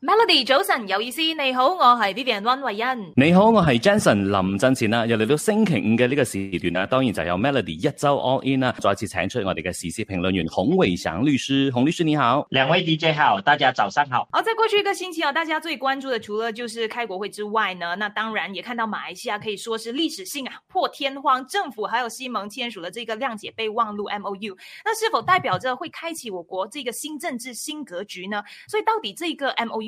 Melody 早晨，有意思，你好，我是 Vivian 溫維恩，你好，我是 Jenson 林振前。啊又嚟到星期五嘅呢個時段啦、啊，當然就有 Melody 一周 all in 啦、啊，再次請出我哋嘅時事評論員洪偉翔律師，洪律師你好。兩位 DJ 好，大家早上好。好、哦，在過去一個星期啊，大家最關注嘅除了就是開國會之外呢，那當然也看到馬來西亞可以說是歷史性啊破天荒，政府還有西盟簽署了這個諒解備忘錄 MOU，那是否代表着會開啟我國呢個新政治新格局呢？所以到底呢個 MOU？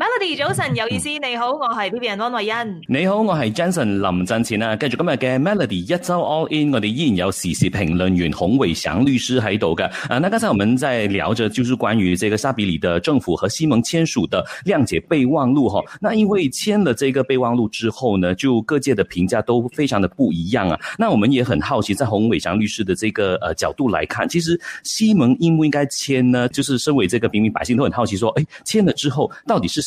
Melody 早晨有意思，你好，我係 B B 人安慧欣。你好，我係 Johnson 林振前啊。繼續今日嘅 Melody 一早 All In，我哋依然有時事評論員洪偉祥律師喺度嘅。啊，那剛才我們在聊着，就是關於這個沙比里的政府和西蒙簽署的諒解備忘錄哈。那因為簽了這個備忘錄之後呢，就各界的評價都非常的不一樣啊。那我們也很好奇，在洪偉祥律師的這個呃角度來看，其實西蒙應不應該簽呢？就是身為這個平民，民百姓都很好奇，說，誒、欸，簽了之後到底是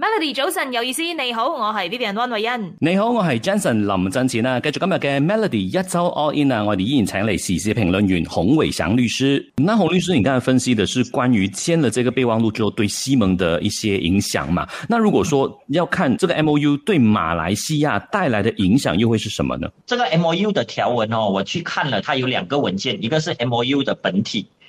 Melody 早晨有意思，你好，我係 Vivian 汪慧恩。你好，我係 Johnson 林振奇啊。繼續今日嘅 Melody 一周 All In 啊，我哋依然請嚟時事評論員洪偉祥律師。那洪律師，你剛才分析的是關於簽了這個備忘錄之後對西蒙的一些影響嘛？那如果說要看這個 M O U 對馬來西亞帶來的影響，又會是什麼呢？這個 M O U 的條文哦，我去看了，它有兩個文件，一個是 M O U 的本體。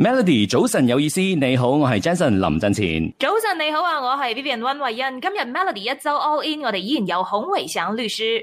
Melody，早晨有意思，你好，我係 Jason 林振前。早晨你好啊，我係 Vivian 溫慧欣。今日 Melody 一周 All In，我哋依然有孔維祥律師。